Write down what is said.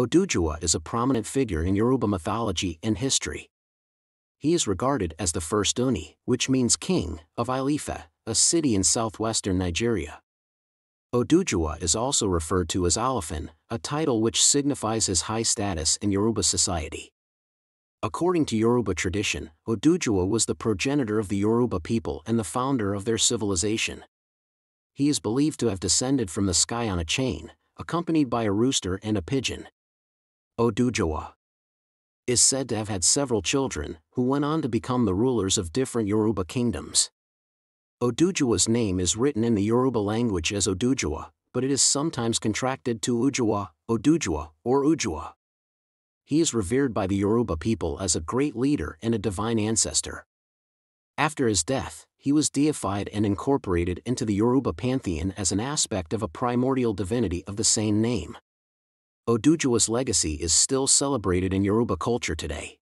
Odujua is a prominent figure in Yoruba mythology and history. He is regarded as the first Oni, which means king, of Ilife, a city in southwestern Nigeria. Odujua is also referred to as Alifan, a title which signifies his high status in Yoruba society. According to Yoruba tradition, Odujua was the progenitor of the Yoruba people and the founder of their civilization. He is believed to have descended from the sky on a chain, accompanied by a rooster and a pigeon. Odujawa, is said to have had several children, who went on to become the rulers of different Yoruba kingdoms. Odujawa's name is written in the Yoruba language as Odujawa, but it is sometimes contracted to Ujawa, Odujawa, or Ujawa. He is revered by the Yoruba people as a great leader and a divine ancestor. After his death, he was deified and incorporated into the Yoruba pantheon as an aspect of a primordial divinity of the same name. Odujuwa's legacy is still celebrated in Yoruba culture today.